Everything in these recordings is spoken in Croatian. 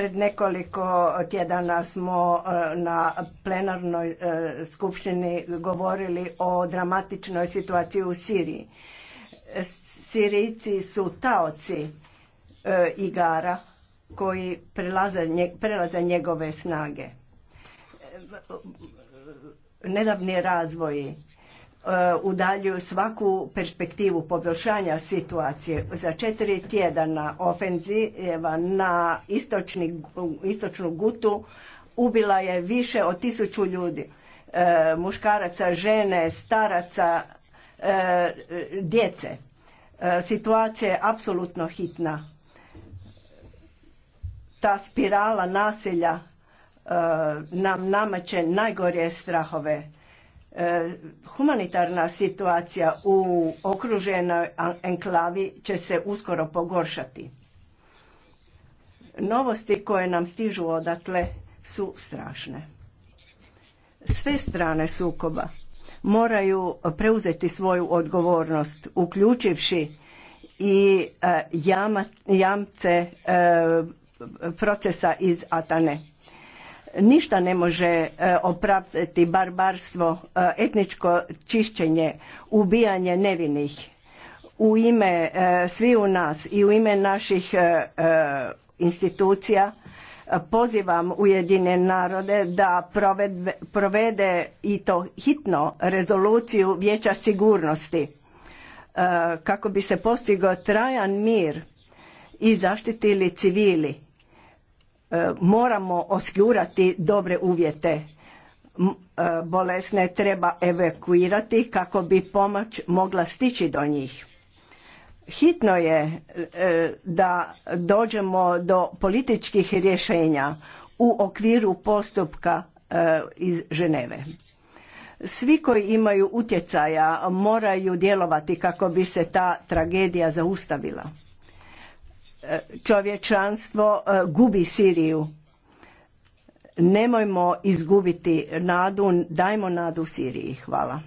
Pred nekoliko tjedana smo e, na plenarnoj e, skupštini govorili o dramatičnoj situaciji u Siriji. Sirijci su taoci e, igara koji prelaze njegove snage. Nedavni razvoji E, udaljuju svaku perspektivu poboljšanja situacije. Za četiri tjedana ofenziva na istočnu gutu ubila je više od tisuću ljudi. E, muškaraca, žene, staraca, e, djece. situacija je apsolutno hitna. Ta spirala nasilja nam namaće najgorije strahove E, humanitarna situacija u okruženoj enklavi će se uskoro pogoršati. Novosti koje nam stižu odatle su strašne. Sve strane sukoba moraju preuzeti svoju odgovornost, uključivši i e, jamce e, procesa iz Atane. Ništa ne može e, opravdati barbarstvo, e, etničko čišćenje, ubijanje nevinih. U ime e, u nas i u ime naših institucija pozivam Ujedine narode da provede i to hitno rezoluciju Vijeća sigurnosti kako bi se postigao trajan mir i zaštitili civili E, moramo osigurati dobre uvjete e, bolesne treba evakuirati kako bi pomoć mogla stići do njih hitno je e, da dođemo do političkih rješenja u okviru postupka iz Ženeve svi koji imaju utjecaja moraju djelovati kako bi se ta tragedija zaustavila čovječanstvo e, gubi Siriju. Nemojmo izgubiti nadu, dajmo nadu Siriji. Hvala.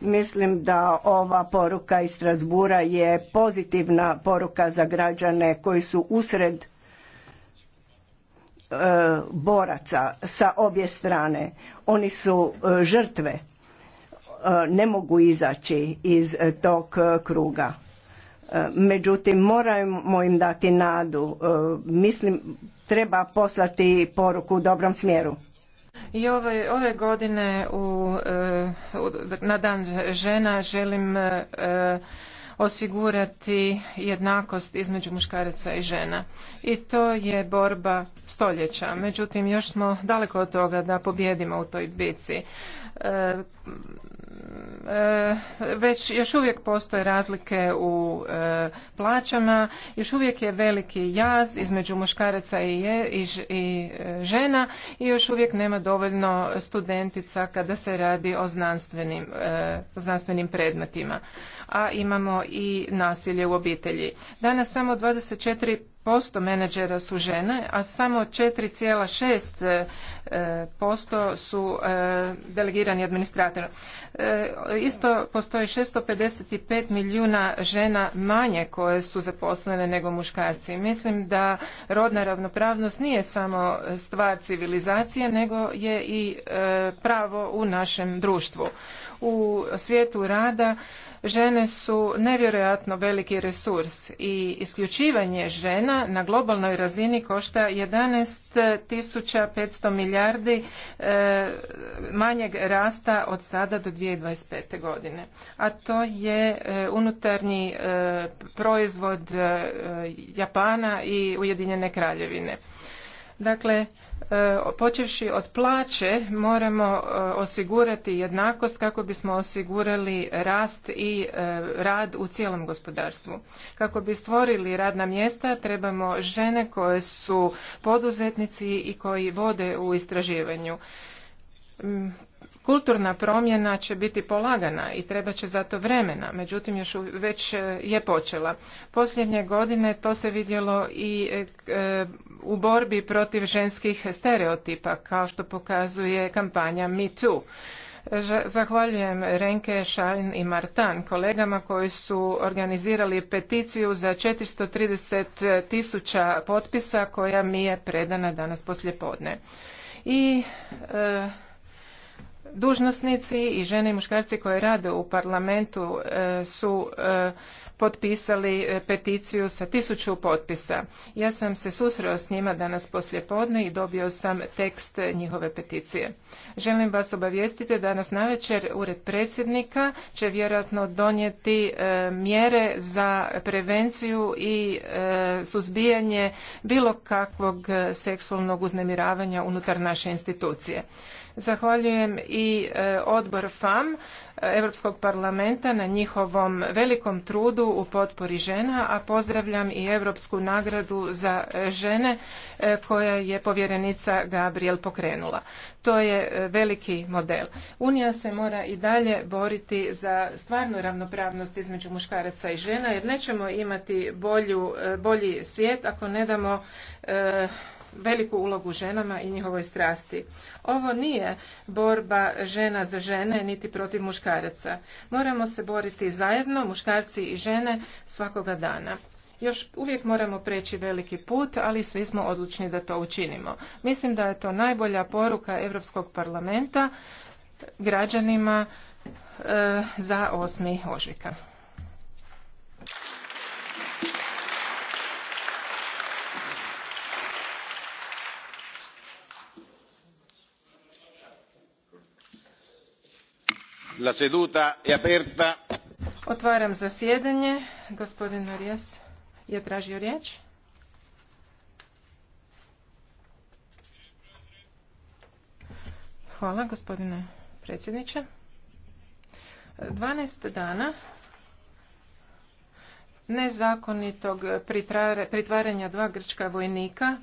Mislim da ova poruka iz Strasbura je pozitivna poruka za građane koji su usred E, boraca sa obje strane. Oni su e, žrtve. E, ne mogu izaći iz tog kruga. Međutim, moramo im dati nadu. Mislim, treba poslati poruku u dobrom smjeru. I ove, ove godine u, na dan žena želim osigurati jednakost između muškaraca i žena. I to je borba stoljeća. Međutim, još smo daleko od toga da pobjedimo u toj bici. E, E, već još uvijek postoje razlike u e, plaćama, još uvijek je veliki jaz između muškaraca i, i, i e, žena i još uvijek nema dovoljno studentica kada se radi o znanstvenim, znanstvenim predmetima. A imamo i nasilje u obitelji. Danas samo 24 posto menadžera su žene, a samo 4,6 e, e, posto su e, delegirani administratori Isto postoji 655 milijuna žena manje koje su zaposlene nego muškarci. Mislim da rodna ravnopravnost nije samo stvar civilizacije, nego je i pravo u našem društvu. U svijetu rada Žene su nevjerojatno veliki resurs i isključivanje žena na globalnoj razini košta 11.500 milijardi e, manjeg rasta od sada do 2025. godine. A to je e, unutarnji e, proizvod Japana i Ujedinjene kraljevine. Dakle, e, počevši od plaće moramo e, osigurati jednakost kako bismo osigurali rast i e, rad u cijelom gospodarstvu. Kako bi stvorili radna mjesta trebamo žene koje su poduzetnici i koji vode u istraživanju Kulturna promjena će biti polagana i treba će za to vremena, međutim još već e, je počela. Posljednje godine to se vidjelo i e, e, u borbi protiv ženskih stereotipa, kao što pokazuje kampanja Me Too. Zahvaljujem Renke, Šajn i Martan kolegama koji su organizirali peticiju za 430 tisuća potpisa koja mi je predana danas poslijepodne. I dužnosnici i žene i muškarci koji rade u parlamentu e, su e, potpisali e, peticiju sa tisuću potpisa. Ja sam se susreo s njima danas poslijepodne i dobio sam tekst njihove peticije. Želim vas obavijestiti danas navečer Ured predsjednika će vjerojatno donijeti mjere za prevenciju i suzbijanje bilo kakvog seksualnog uznemiravanja unutar naše institucije. Zahvaljujem i e, odbor FAM Europskog parlamenta na njihovom velikom trudu u potpori žena, a pozdravljam i Europsku nagradu za žene e, koja je povjerenica Gabriel pokrenula. To je e, veliki model. Unija se mora i dalje boriti za stvarnu ravnopravnost između muškaraca i žena jer nećemo imati bolji svijet ako ne damo veliku ulogu ženama i njihovoj strasti. Ovo nije borba žena za žene niti protiv muškaraca. Moramo se boriti zajedno, muškarci i žene, svakoga dana. Još uvijek moramo preći veliki put, ali svi smo odlučni da to učinimo. Mislim da je to najbolja poruka Europskog parlamenta građanima e, za 8. ožvika. La seduta è aperta. Otvaram zasjedanje. Gospodin Marijas je tražio riječ. Hvala gospodine predsjedniče. 12 dana nezakonitog pritvaranja dva grčka vojnika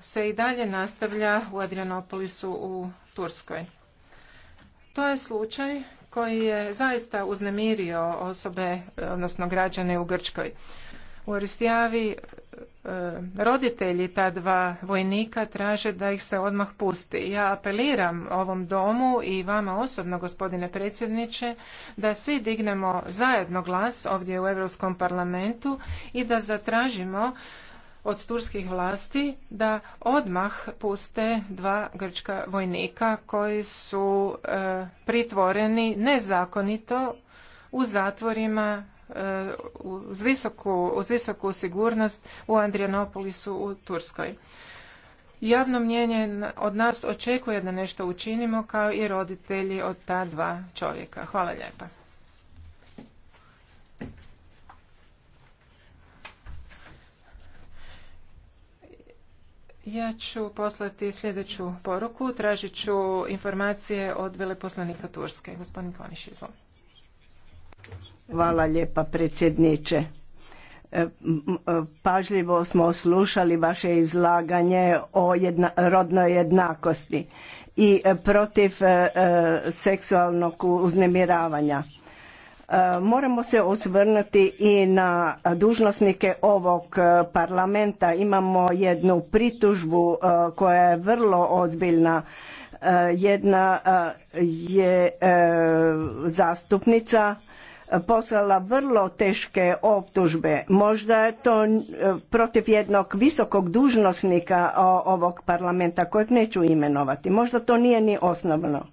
se i dalje nastavlja u Adrianopolisu u Turskoj. To je slučaj koji je zaista uznemirio osobe, odnosno građane u Grčkoj. U Aristijavi e, roditelji ta dva vojnika traže da ih se odmah pusti. Ja apeliram ovom domu i vama osobno, gospodine predsjedniče, da svi dignemo zajedno glas ovdje u Europskom parlamentu i da zatražimo od turskih vlasti da odmah puste dva grčka vojnika koji su e, pritvoreni nezakonito u zatvorima e, uz, visoku, sigurnost u Andrianopolisu u Turskoj. Javno mnjenje od nas očekuje da nešto učinimo kao i roditelji od ta dva čovjeka. Hvala lijepa. Ja ću poslati sljedeću poruku. Tražit ću informacije od veleposlanika Turske. Gospodin Koniš, Hvala lijepa predsjedniče. E, pažljivo smo slušali vaše izlaganje o rodnoj jednakosti i e, protiv e, seksualnog uznemiravanja E, moramo se osvrnuti i na dužnosnike ovog e, parlamenta. Imamo jednu pritužbu e, koja je vrlo ozbiljna. Jedna je zastupnica poslala vrlo teške optužbe. Možda je to protiv jednog visokog dužnosnika ovog parlamenta kojeg neću imenovati. Možda to nije ni osnovno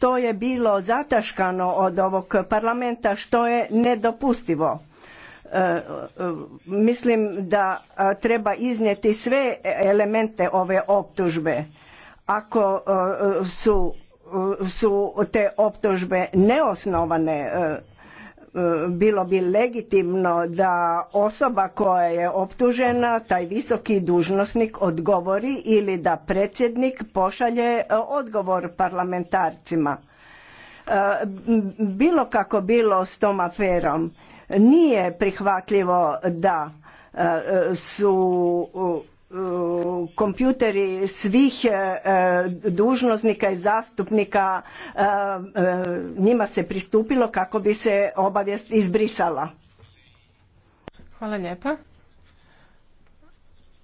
to je bilo zataškano od ovog parlamenta što je nedopustivo. E, mislim da treba iznijeti sve elemente ove optužbe. Ako e, su, e, su te optužbe neosnovane, bilo bi legitimno da osoba koja je optužena, taj visoki dužnosnik odgovori ili da predsjednik pošalje e, odgovor parlamentarcima. E, bilo kako bilo s tom aferom, nije prihvatljivo da e, su kompjuteri svih e, e, dužnosnika i zastupnika e, njima se pristupilo kako bi se obavijest izbrisala. Hvala lijepa.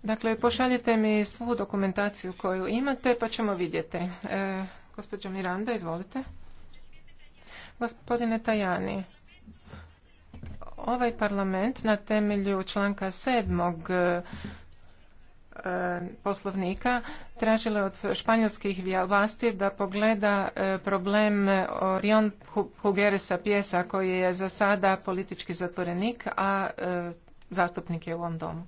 Dakle, pošaljite mi svu dokumentaciju koju imate pa ćemo vidjeti. gospođo Miranda, izvolite. Gospodine Tajani, ovaj parlament na temelju članka sedmog E, poslovnika tražile od španjolskih vlasti da pogleda e, problem Orion Hugeresa Pjesa koji je za sada politički zatvorenik, a e, zastupnik je u ovom domu.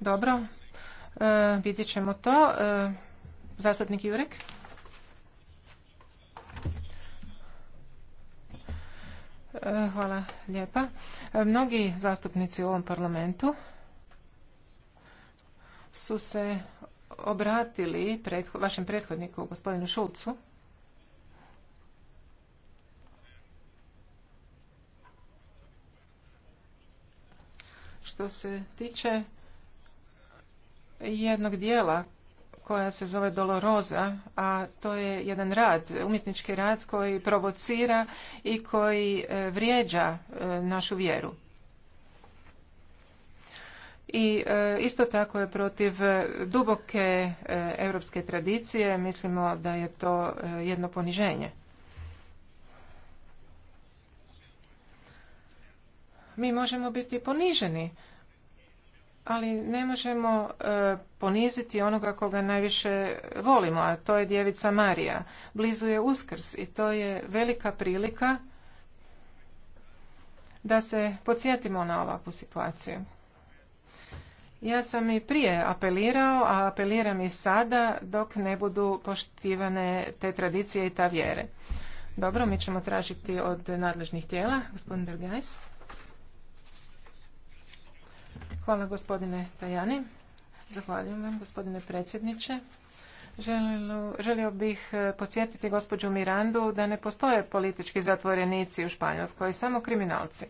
Dobro, vidjet ćemo to. Zastupnik Jurek. E, hvala lijepa. E, mnogi zastupnici u ovom parlamentu su se obratili vašem prethodniku, gospodinu Šulcu, što se tiče jednog dijela koja se zove Doloroza, a to je jedan rad, umjetnički rad koji provocira i koji e, vrijeđa e, našu vjeru. I e, isto tako je protiv duboke europske tradicije, mislimo da je to jedno poniženje. Mi možemo biti poniženi ali ne možemo e, poniziti onoga koga najviše volimo, a to je djevica Marija. Blizu je uskrs i to je velika prilika da se podsjetimo na ovakvu situaciju. Ja sam i prije apelirao, a apeliram i sada dok ne budu poštivane te tradicije i ta vjere. Dobro, mi ćemo tražiti od nadležnih tijela. Gospodin Drgajs. Hvala gospodine Tajani. Zahvaljujem vam gospodine predsjedniče. Želio, bih e, podsjetiti gospođu Mirandu da ne postoje politički zatvorenici u Španjolskoj, samo kriminalci.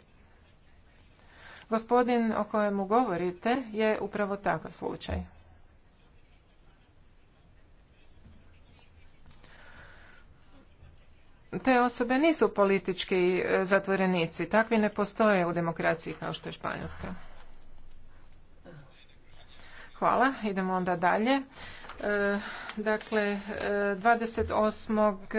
Gospodin o kojemu govorite je upravo takav slučaj. Te osobe nisu politički e, zatvorenici, takvi ne postoje u demokraciji kao što je Španjolska. Hvala. Idemo onda dalje. E, dakle, 28. E,